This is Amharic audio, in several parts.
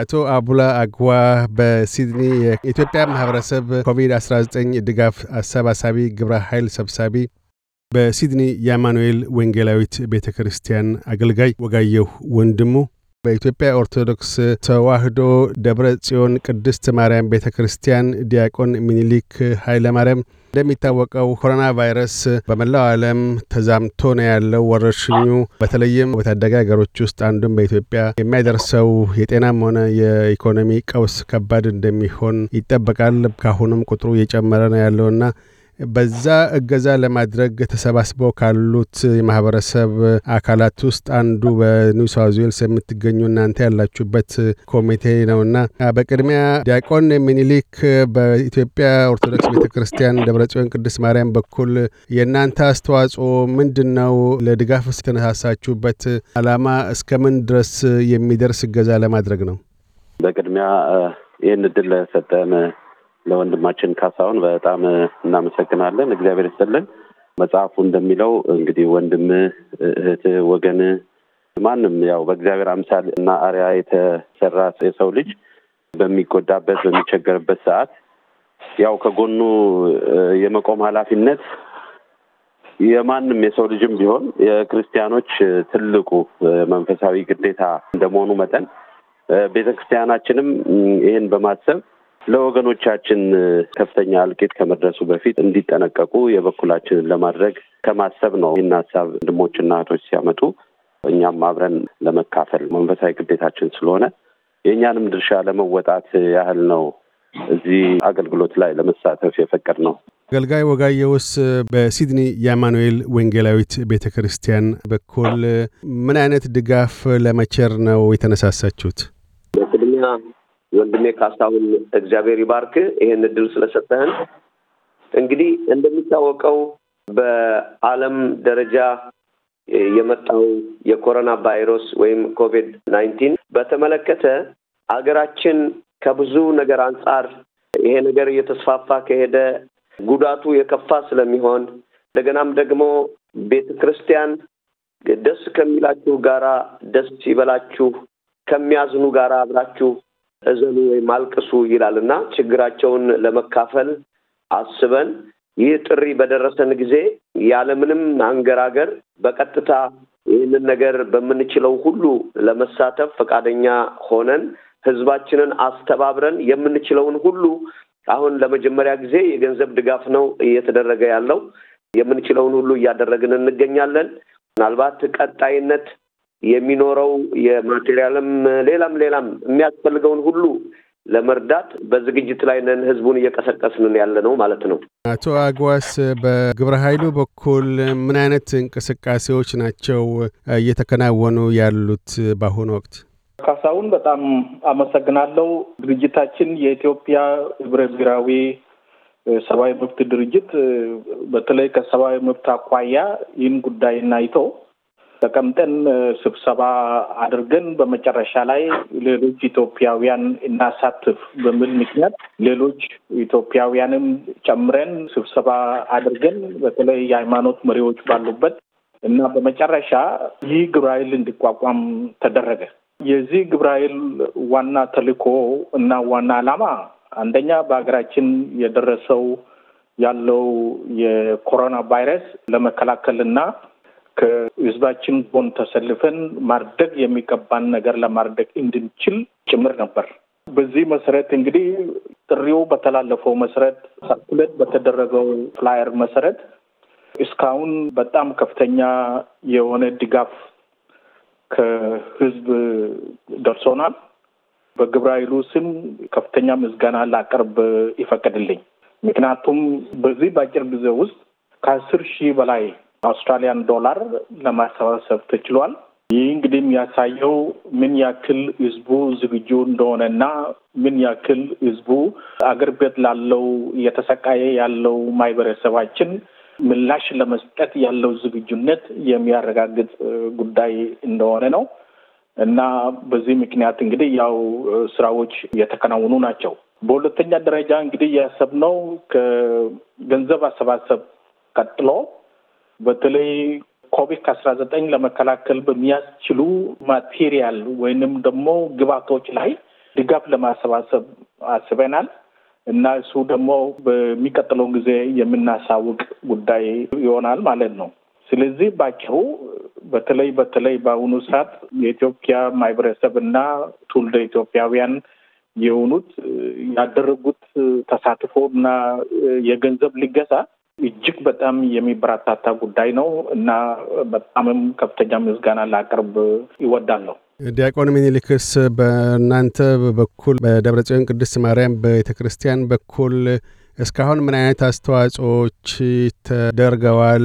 አቶ አቡላ አግዋ በሲድኒ የኢትዮጵያ ማህበረሰብ ኮቪድ-19 ድጋፍ አሰባሳቢ ግብረ ኃይል ሰብሳቢ፣ በሲድኒ የአማኑኤል ወንጌላዊት ቤተ ክርስቲያን አገልጋይ ወጋየሁ ወንድሙ በኢትዮጵያ ኦርቶዶክስ ተዋህዶ ደብረ ጽዮን ቅድስት ማርያም ቤተ ክርስቲያን ዲያቆን ሚኒሊክ ኃይለ ማርያም እንደሚታወቀው ኮሮና ቫይረስ በመላው ዓለም ተዛምቶ ነው ያለው። ወረርሽኙ በተለይም በታዳጊ ሀገሮች ውስጥ አንዱም በኢትዮጵያ የሚያደርሰው የጤናም ሆነ የኢኮኖሚ ቀውስ ከባድ እንደሚሆን ይጠበቃል። ከአሁኑም ቁጥሩ እየጨመረ ነው ያለውና በዛ እገዛ ለማድረግ ተሰባስበው ካሉት የማህበረሰብ አካላት ውስጥ አንዱ በኒው ሳውዝ ዌልስ የምትገኙ እናንተ ያላችሁበት ኮሚቴ ነውና በቅድሚያ ዲያቆን ሚኒሊክ በኢትዮጵያ ኦርቶዶክስ ቤተ ክርስቲያን ደብረጽዮን ቅዱስ ቅድስት ማርያም በኩል የእናንተ አስተዋጽኦ ምንድን ነው? ለድጋፍ የተነሳሳችሁበት አላማ እስከምን ድረስ የሚደርስ እገዛ ለማድረግ ነው? በቅድሚያ ይህን እድል ለሰጠን ለወንድማችን ካሳሁን በጣም እናመሰግናለን። እግዚአብሔር ይስጥልን። መጽሐፉ እንደሚለው እንግዲህ ወንድም፣ እህት፣ ወገን ማንም ያው በእግዚአብሔር አምሳል እና አሪያ የተሰራ የሰው ልጅ በሚጎዳበት በሚቸገርበት ሰዓት ያው ከጎኑ የመቆም ኃላፊነት የማንም የሰው ልጅም ቢሆን የክርስቲያኖች ትልቁ መንፈሳዊ ግዴታ እንደመሆኑ መጠን ቤተክርስቲያናችንም ይህን በማሰብ ለወገኖቻችን ከፍተኛ እልቂት ከመድረሱ በፊት እንዲጠነቀቁ የበኩላችንን ለማድረግ ከማሰብ ነው። ይህን ሀሳብ ወንድሞችና እህቶች ሲያመጡ እኛም አብረን ለመካፈል መንፈሳዊ ግዴታችን ስለሆነ የእኛንም ድርሻ ለመወጣት ያህል ነው እዚህ አገልግሎት ላይ ለመሳተፍ የፈቀድ ነው። አገልጋይ ወጋየውስ በሲድኒ የአማኑኤል ወንጌላዊት ቤተ ክርስቲያን በኩል ምን አይነት ድጋፍ ለመቸር ነው የተነሳሳችሁት? በቅድሚያ ወንድሜ ካሳሁን እግዚአብሔር ይባርክ ይህን እድል ስለሰጠህን። እንግዲህ እንደሚታወቀው በዓለም ደረጃ የመጣው የኮሮና ቫይረስ ወይም ኮቪድ ናይንቲን በተመለከተ አገራችን ከብዙ ነገር አንጻር ይሄ ነገር እየተስፋፋ ከሄደ ጉዳቱ የከፋ ስለሚሆን እንደገናም ደግሞ ቤተ ክርስቲያን ደስ ከሚላችሁ ጋራ ደስ ይበላችሁ፣ ከሚያዝኑ ጋራ አብራችሁ እዘኑ ወይም አልቅሱ ይላል እና ችግራቸውን ለመካፈል አስበን ይህ ጥሪ በደረሰን ጊዜ ያለምንም አንገራገር በቀጥታ ይህንን ነገር በምንችለው ሁሉ ለመሳተፍ ፈቃደኛ ሆነን ህዝባችንን አስተባብረን የምንችለውን ሁሉ አሁን ለመጀመሪያ ጊዜ የገንዘብ ድጋፍ ነው እየተደረገ ያለው። የምንችለውን ሁሉ እያደረግን እንገኛለን። ምናልባት ቀጣይነት የሚኖረው የማቴሪያልም ሌላም ሌላም የሚያስፈልገውን ሁሉ ለመርዳት በዝግጅት ላይ ነን። ህዝቡን እየቀሰቀስንን ያለ ነው ማለት ነው። አቶ አግዋስ በግብረ ኃይሉ በኩል ምን አይነት እንቅስቃሴዎች ናቸው እየተከናወኑ ያሉት በአሁኑ ወቅት? ካሳሁን በጣም አመሰግናለሁ። ድርጅታችን የኢትዮጵያ ህብረ ብሔራዊ ሰብአዊ መብት ድርጅት በተለይ ከሰብአዊ መብት አኳያ ይህን ጉዳይ እናይተው ተቀምጠን ስብሰባ አድርገን በመጨረሻ ላይ ሌሎች ኢትዮጵያውያን እናሳትፍ በሚል ምክንያት ሌሎች ኢትዮጵያውያንም ጨምረን ስብሰባ አድርገን በተለይ የሃይማኖት መሪዎች ባሉበት እና በመጨረሻ ይህ ግብረ ኃይል እንዲቋቋም ተደረገ። የዚህ ግብረ ኃይል ዋና ተልዕኮ እና ዋና ዓላማ አንደኛ በሀገራችን የደረሰው ያለው የኮሮና ቫይረስ ለመከላከልና ከህዝባችን ጎን ተሰልፈን ማርደግ የሚገባን ነገር ለማርደግ እንድንችል ጭምር ነበር። በዚህ መሰረት እንግዲህ ጥሪው በተላለፈው መሰረት ሁለት በተደረገው ፍላየር መሰረት እስካሁን በጣም ከፍተኛ የሆነ ድጋፍ ከህዝብ ደርሶናል። በግብረ ኃይሉ ስም ከፍተኛ ምስጋና ላቀርብ ይፈቅድልኝ። ምክንያቱም በዚህ በአጭር ጊዜ ውስጥ ከአስር ሺህ በላይ አውስትራሊያን ዶላር ለማሰባሰብ ተችሏል። ይህ እንግዲህ የሚያሳየው ምን ያክል ህዝቡ ዝግጁ እንደሆነና ምን ያክል ህዝቡ አገር ቤት ላለው እየተሰቃየ ያለው ማህበረሰባችን ምላሽ ለመስጠት ያለው ዝግጁነት የሚያረጋግጥ ጉዳይ እንደሆነ ነው እና በዚህ ምክንያት እንግዲህ ያው ስራዎች እየተከናወኑ ናቸው። በሁለተኛ ደረጃ እንግዲህ ያሰብነው ከገንዘብ አሰባሰብ ቀጥሎ በተለይ ኮቪድ ከአስራ ዘጠኝ ለመከላከል በሚያስችሉ ማቴሪያል ወይንም ደግሞ ግባቶች ላይ ድጋፍ ለማሰባሰብ አስበናል እና እሱ ደግሞ በሚቀጥለው ጊዜ የምናሳውቅ ጉዳይ ይሆናል ማለት ነው። ስለዚህ ባጭሩ በተለይ በተለይ በአሁኑ ሰዓት የኢትዮጵያ ማህበረሰብ እና ትውልደ ኢትዮጵያውያን የሆኑት ያደረጉት ተሳትፎ እና የገንዘብ ልገሳ እጅግ በጣም የሚበረታታ ጉዳይ ነው እና በጣምም ከፍተኛ ምስጋና ላቀርብ ይወዳለሁ። ዲያቆን ሚኒሊክስ በእናንተ በኩል በደብረጽዮን ቅድስት ማርያም ቤተ ክርስቲያን በኩል እስካሁን ምን አይነት አስተዋጽኦዎች ተደርገዋል?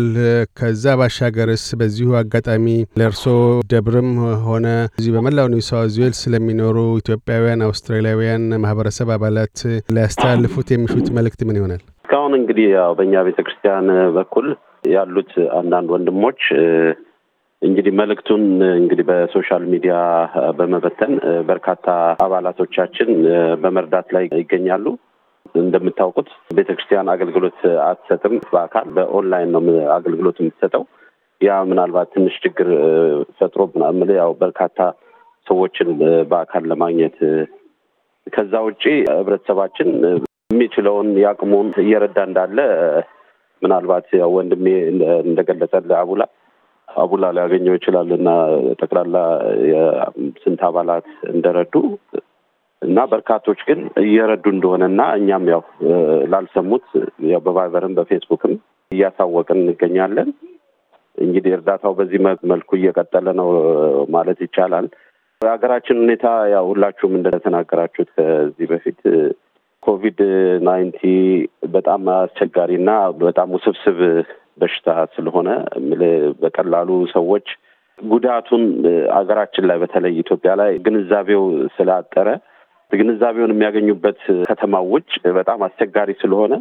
ከዛ ባሻገርስ በዚሁ አጋጣሚ ለእርሶ ደብርም ሆነ እዚህ በመላው ኒው ሳውዝ ዌልስ ስለሚኖሩ ኢትዮጵያውያን፣ አውስትራሊያውያን ማህበረሰብ አባላት ሊያስተላልፉት የሚሹት መልእክት ምን ይሆናል? እስካሁን እንግዲህ ያው በእኛ ቤተ ክርስቲያን በኩል ያሉት አንዳንድ ወንድሞች እንግዲህ መልእክቱን እንግዲህ በሶሻል ሚዲያ በመበተን በርካታ አባላቶቻችን በመርዳት ላይ ይገኛሉ። እንደምታውቁት ቤተ ክርስቲያን አገልግሎት አትሰጥም። በአካል በኦንላይን ነው አገልግሎት የምትሰጠው። ያ ምናልባት ትንሽ ችግር ፈጥሮ ምናምን ያው በርካታ ሰዎችን በአካል ለማግኘት ከዛ ውጪ ህብረተሰባችን የሚችለውን የአቅሙን እየረዳ እንዳለ ምናልባት ወንድሜ እንደገለጸ ለአቡላ አቡላ ሊያገኘው ይችላል እና ጠቅላላ ስንት አባላት እንደረዱ እና በርካቶች ግን እየረዱ እንደሆነ እና እኛም ያው ላልሰሙት ያው በቫይበርም በፌስቡክም እያሳወቅን እንገኛለን። እንግዲህ እርዳታው በዚህ መልኩ እየቀጠለ ነው ማለት ይቻላል። የሀገራችን ሁኔታ ያው ሁላችሁም እንደተናገራችሁት ከዚህ በፊት ኮቪድ ናይንቲ በጣም አስቸጋሪ እና በጣም ውስብስብ በሽታ ስለሆነ በቀላሉ ሰዎች ጉዳቱን አገራችን ላይ በተለይ ኢትዮጵያ ላይ ግንዛቤው ስላጠረ ግንዛቤውን የሚያገኙበት ከተማ ውጭ በጣም አስቸጋሪ ስለሆነ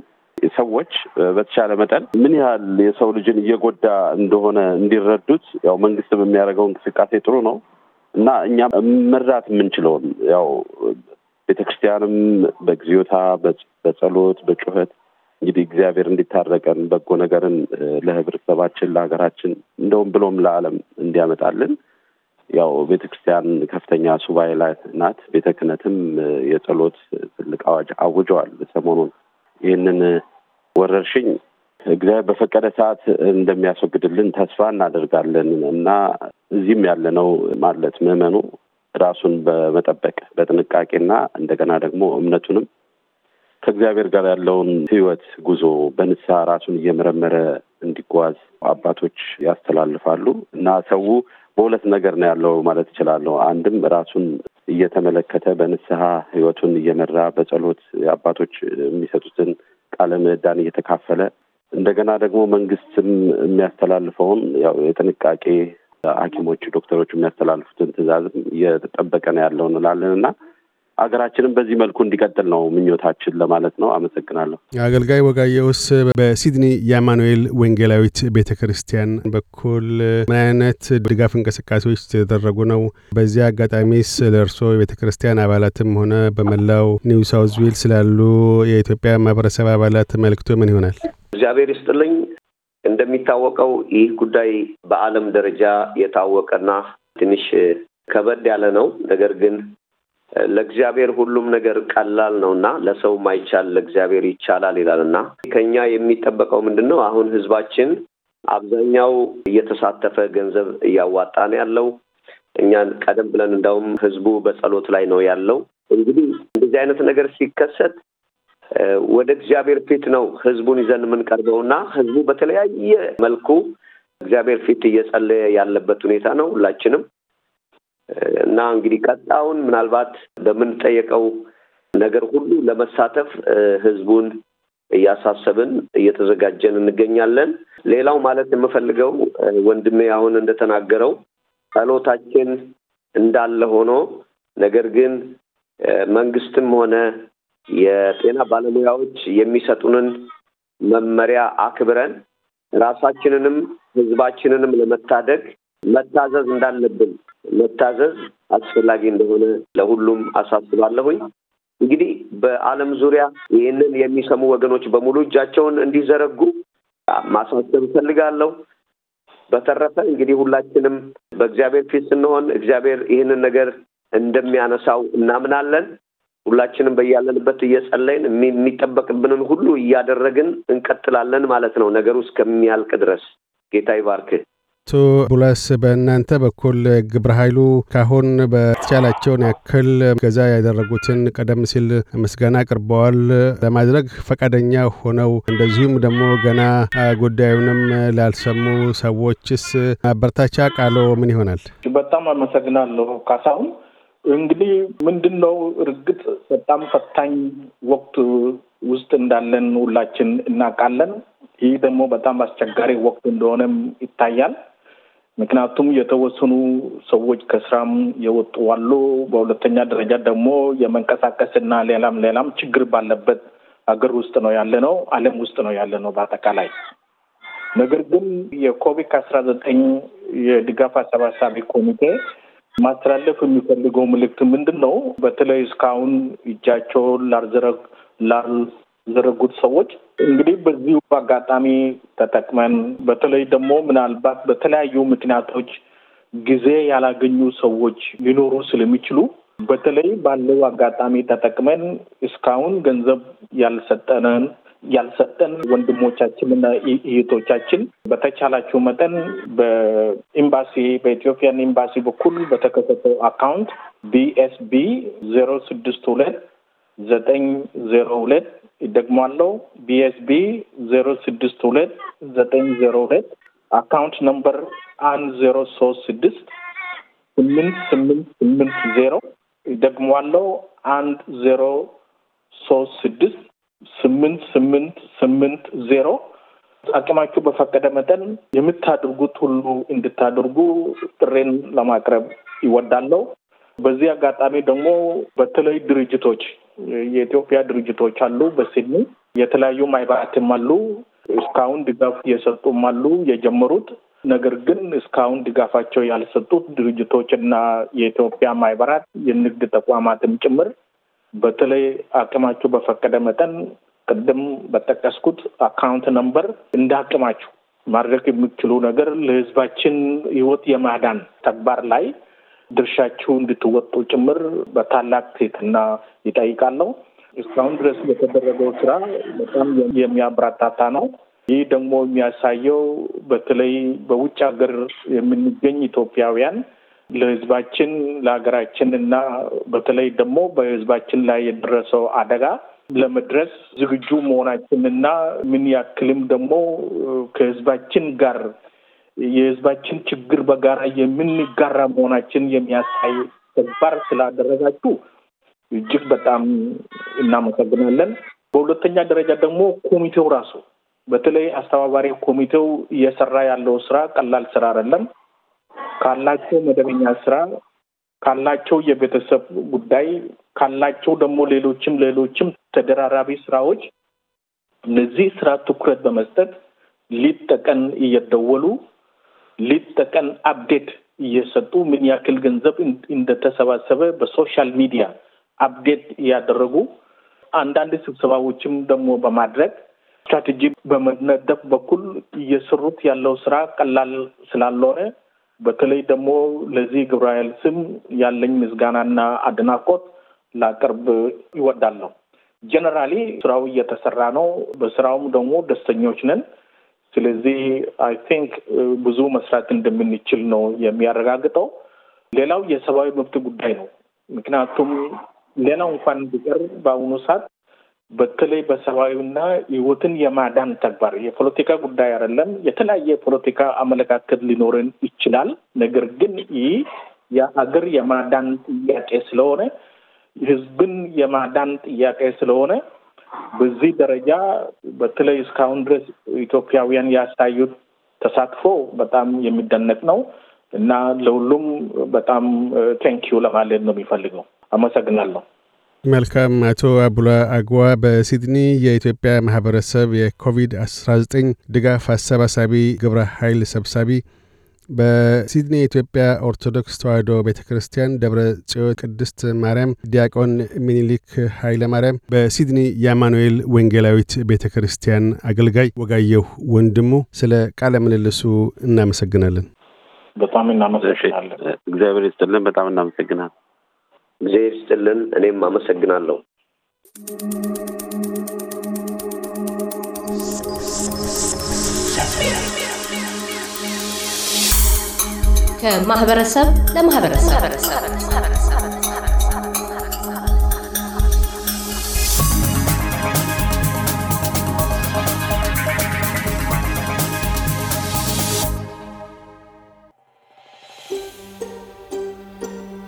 ሰዎች በተቻለ መጠን ምን ያህል የሰው ልጅን እየጎዳ እንደሆነ እንዲረዱት ያው መንግስትም የሚያደርገው እንቅስቃሴ ጥሩ ነው እና እኛም መርዳት የምንችለውን ያው ቤተ ክርስቲያንም በጸሎት በጩኸት እንግዲህ እግዚአብሔር እንዲታረቀን በጎ ነገርን ለህብረተሰባችን ለሀገራችን እንደውም ብሎም ለዓለም እንዲያመጣልን ያው ቤተ ክርስቲያን ከፍተኛ ሱባኤ ላይ ናት። ቤተ ክህነትም የጸሎት ትልቅ አዋጅ አውጀዋል። ሰሞኑን ይህንን ወረርሽኝ እግዚአብሔር በፈቀደ ሰዓት እንደሚያስወግድልን ተስፋ እናደርጋለን እና እዚህም ያለነው ማለት ምዕመኑ ራሱን በመጠበቅ በጥንቃቄና እንደገና ደግሞ እምነቱንም ከእግዚአብሔር ጋር ያለውን ህይወት ጉዞ በንስሐ ራሱን እየመረመረ እንዲጓዝ አባቶች ያስተላልፋሉ እና ሰው በሁለት ነገር ነው ያለው ማለት እችላለሁ። አንድም ራሱን እየተመለከተ በንስሐ ህይወቱን እየመራ በጸሎት አባቶች የሚሰጡትን ቃለ ምዕዳን እየተካፈለ እንደገና ደግሞ መንግስትም የሚያስተላልፈውን ያው የጥንቃቄ ሐኪሞቹ ዶክተሮቹ የሚያስተላልፉትን ትዕዛዝም እየተጠበቀ ነው ያለው እንላለን እና ሀገራችንም በዚህ መልኩ እንዲቀጥል ነው ምኞታችን ለማለት ነው። አመሰግናለሁ። አገልጋይ ወጋየውስ በሲድኒ የአማኑኤል ወንጌላዊት ቤተ ክርስቲያን በኩል ምን አይነት ድጋፍ እንቅስቃሴዎች የተደረጉ ነው? በዚህ አጋጣሚስ ለእርሶ የቤተ ክርስቲያን አባላትም ሆነ በመላው ኒው ሳውዝ ዌልስ ስላሉ የኢትዮጵያ ማህበረሰብ አባላት መልክቶ ምን ይሆናል? እግዚአብሔር ይስጥልኝ። እንደሚታወቀው ይህ ጉዳይ በዓለም ደረጃ የታወቀና ትንሽ ከበድ ያለ ነው። ነገር ግን ለእግዚአብሔር ሁሉም ነገር ቀላል ነው እና ለሰው ማይቻል ለእግዚአብሔር ይቻላል ይላል እና ከኛ የሚጠበቀው ምንድን ነው? አሁን ህዝባችን አብዛኛው እየተሳተፈ ገንዘብ እያዋጣ ነው ያለው። እኛ ቀደም ብለን እንዳውም ህዝቡ በጸሎት ላይ ነው ያለው። እንግዲህ እንደዚህ አይነት ነገር ሲከሰት ወደ እግዚአብሔር ፊት ነው ህዝቡን ይዘን የምንቀርበው እና ህዝቡ በተለያየ መልኩ እግዚአብሔር ፊት እየጸለየ ያለበት ሁኔታ ነው ሁላችንም እና እንግዲህ ቀጣውን ምናልባት በምንጠየቀው ነገር ሁሉ ለመሳተፍ ህዝቡን እያሳሰብን እየተዘጋጀን እንገኛለን። ሌላው ማለት የምፈልገው ወንድሜ አሁን እንደተናገረው ጸሎታችን እንዳለ ሆኖ ነገር ግን መንግስትም ሆነ የጤና ባለሙያዎች የሚሰጡንን መመሪያ አክብረን ራሳችንንም ህዝባችንንም ለመታደግ መታዘዝ እንዳለብን መታዘዝ አስፈላጊ እንደሆነ ለሁሉም አሳስባለሁኝ። እንግዲህ በዓለም ዙሪያ ይህንን የሚሰሙ ወገኖች በሙሉ እጃቸውን እንዲዘረጉ ማሳሰብ እፈልጋለሁ። በተረፈ እንግዲህ ሁላችንም በእግዚአብሔር ፊት ስንሆን እግዚአብሔር ይህንን ነገር እንደሚያነሳው እናምናለን። ሁላችንም በያለንበት እየጸለይን የሚጠበቅብንን ሁሉ እያደረግን እንቀጥላለን ማለት ነው ነገሩ እስከሚያልቅ ድረስ። ጌታ ይባርክ አቶ ቡላስ በእናንተ በኩል ግብረ ኃይሉ ካሁን በተቻላቸውን ያክል ገዛ ያደረጉትን ቀደም ሲል ምስጋና አቅርበዋል ለማድረግ ፈቃደኛ ሆነው እንደዚሁም ደግሞ ገና ጉዳዩንም ላልሰሙ ሰዎችስ ማበረታቻ ቃሎ ምን ይሆናል? በጣም አመሰግናለሁ ካሳሁን። እንግዲህ ምንድን ነው እርግጥ በጣም ፈታኝ ወቅት ውስጥ እንዳለን ሁላችን እናውቃለን። ይህ ደግሞ በጣም አስቸጋሪ ወቅት እንደሆነም ይታያል። ምክንያቱም የተወሰኑ ሰዎች ከስራም የወጡ አሉ። በሁለተኛ ደረጃ ደግሞ የመንቀሳቀስ እና ሌላም ሌላም ችግር ባለበት ሀገር ውስጥ ነው ያለ ነው፣ ዓለም ውስጥ ነው ያለ ነው በአጠቃላይ ነገር ግን የኮቪድ አስራ ዘጠኝ የድጋፍ አሰባሳቢ ኮሚቴ ማስተላለፍ የሚፈልገው ምልክት ምንድን ነው? በተለይ እስካሁን እጃቸውን ላልዘረጉት ሰዎች እንግዲህ በዚሁ አጋጣሚ ተጠቅመን በተለይ ደግሞ ምናልባት በተለያዩ ምክንያቶች ጊዜ ያላገኙ ሰዎች ሊኖሩ ስለሚችሉ በተለይ ባለው አጋጣሚ ተጠቅመን እስካሁን ገንዘብ ያልሰጠነን ያልሰጠን ወንድሞቻችንና እህቶቻችን በተቻላቸው መጠን በኤምባሲ በኢትዮጵያን ኤምባሲ በኩል በተከፈተው አካውንት ቢኤስቢ ዜሮ ስድስት ሁለት ዘጠኝ ዜሮ ሁለት ይደግሟለው ቢኤስቢ ዜሮ ስድስት ሁለት ዘጠኝ ዜሮ ሁለት አካውንት ነምበር አንድ ዜሮ ሶስት ስድስት ስምንት ስምንት ስምንት ዜሮ ይደግሟለው አንድ ዜሮ ሶስት ስድስት ስምንት ስምንት ስምንት ዜሮ አቅማችሁ በፈቀደ መጠን የምታደርጉት ሁሉ እንድታደርጉ ጥሬን ለማቅረብ ይወዳለው። በዚህ አጋጣሚ ደግሞ በተለይ ድርጅቶች የኢትዮጵያ ድርጅቶች አሉ። በሲድኒ የተለያዩ ማህበራትም አሉ። እስካሁን ድጋፍ የሰጡም አሉ የጀመሩት። ነገር ግን እስካሁን ድጋፋቸው ያልሰጡት ድርጅቶች እና የኢትዮጵያ ማህበራት የንግድ ተቋማትም ጭምር በተለይ አቅማችሁ በፈቀደ መጠን ቅድም በጠቀስኩት አካውንት ነምበር እንዳቅማችሁ ማድረግ የሚችሉ ነገር ለህዝባችን ህይወት የማዳን ተግባር ላይ ድርሻችሁ እንድትወጡ ጭምር በታላቅ ትህትና ይጠይቃለሁ። እስካሁን ድረስ የተደረገው ስራ በጣም የሚያበረታታ ነው። ይህ ደግሞ የሚያሳየው በተለይ በውጭ ሀገር የምንገኝ ኢትዮጵያውያን ለህዝባችን ለሀገራችን እና በተለይ ደግሞ በህዝባችን ላይ የደረሰው አደጋ ለመድረስ ዝግጁ መሆናችን እና ምን ያክልም ደግሞ ከህዝባችን ጋር የህዝባችን ችግር በጋራ የምንጋራ መሆናችን የሚያሳይ ተግባር ስላደረጋችሁ እጅግ በጣም እናመሰግናለን። በሁለተኛ ደረጃ ደግሞ ኮሚቴው ራሱ በተለይ አስተባባሪ ኮሚቴው እየሰራ ያለው ስራ ቀላል ስራ አይደለም። ካላቸው መደበኛ ስራ ካላቸው የቤተሰብ ጉዳይ ካላቸው ደግሞ ሌሎችም ሌሎችም ተደራራቢ ስራዎች እነዚህ ስራ ትኩረት በመስጠት ሊጠቀን እየደወሉ ሊት ተቀን አፕዴት እየሰጡ ምን ያክል ገንዘብ እንደተሰባሰበ በሶሻል ሚዲያ አፕዴት እያደረጉ አንዳንድ ስብሰባዎችም ደግሞ በማድረግ ስትራቴጂ በመነደፍ በኩል እየሰሩት ያለው ስራ ቀላል ስላልሆነ በተለይ ደግሞ ለዚህ ግብረ ኃይል ስም ያለኝ ምስጋናና አድናቆት ላቀርብ ይወዳለሁ። ጀነራሊ ስራው እየተሰራ ነው። በስራውም ደግሞ ደስተኞች ነን። ስለዚህ አይ ቲንክ ብዙ መስራት እንደምንችል ነው የሚያረጋግጠው። ሌላው የሰብአዊ መብት ጉዳይ ነው። ምክንያቱም ሌላው እንኳን ቢቀር በአሁኑ ሰዓት በተለይ በሰብአዊና ህይወትን የማዳን ተግባር የፖለቲካ ጉዳይ አይደለም። የተለያየ የፖለቲካ አመለካከት ሊኖረን ይችላል። ነገር ግን ይህ የሀገር የማዳን ጥያቄ ስለሆነ ህዝብን የማዳን ጥያቄ ስለሆነ በዚህ ደረጃ በተለይ እስካሁን ድረስ ኢትዮጵያውያን ያሳዩት ተሳትፎ በጣም የሚደነቅ ነው እና ለሁሉም በጣም ቴንኪዩ ለማለት ነው የሚፈልገው። አመሰግናለሁ። መልካም አቶ አቡላ አግዋ በሲድኒ የኢትዮጵያ ማህበረሰብ የኮቪድ-19 ድጋፍ አሰባሳቢ ግብረ ኃይል ሰብሳቢ፣ በሲድኒ የኢትዮጵያ ኦርቶዶክስ ተዋሕዶ ቤተ ክርስቲያን ደብረ ጽዮ ቅድስት ማርያም ዲያቆን ሚኒሊክ ኃይለ ማርያም፣ በሲድኒ የአማኑኤል ወንጌላዊት ቤተ ክርስቲያን አገልጋይ ወጋየሁ ወንድሙ፣ ስለ ቃለ ምልልሱ እናመሰግናለን። በጣም እናመሰግናለን። እግዚአብሔር ይስጥልን። በጣም እናመሰግናለን። ጊዜ ይስጥልን። እኔም አመሰግናለሁ። ከማህበረሰብ ለማህበረሰብ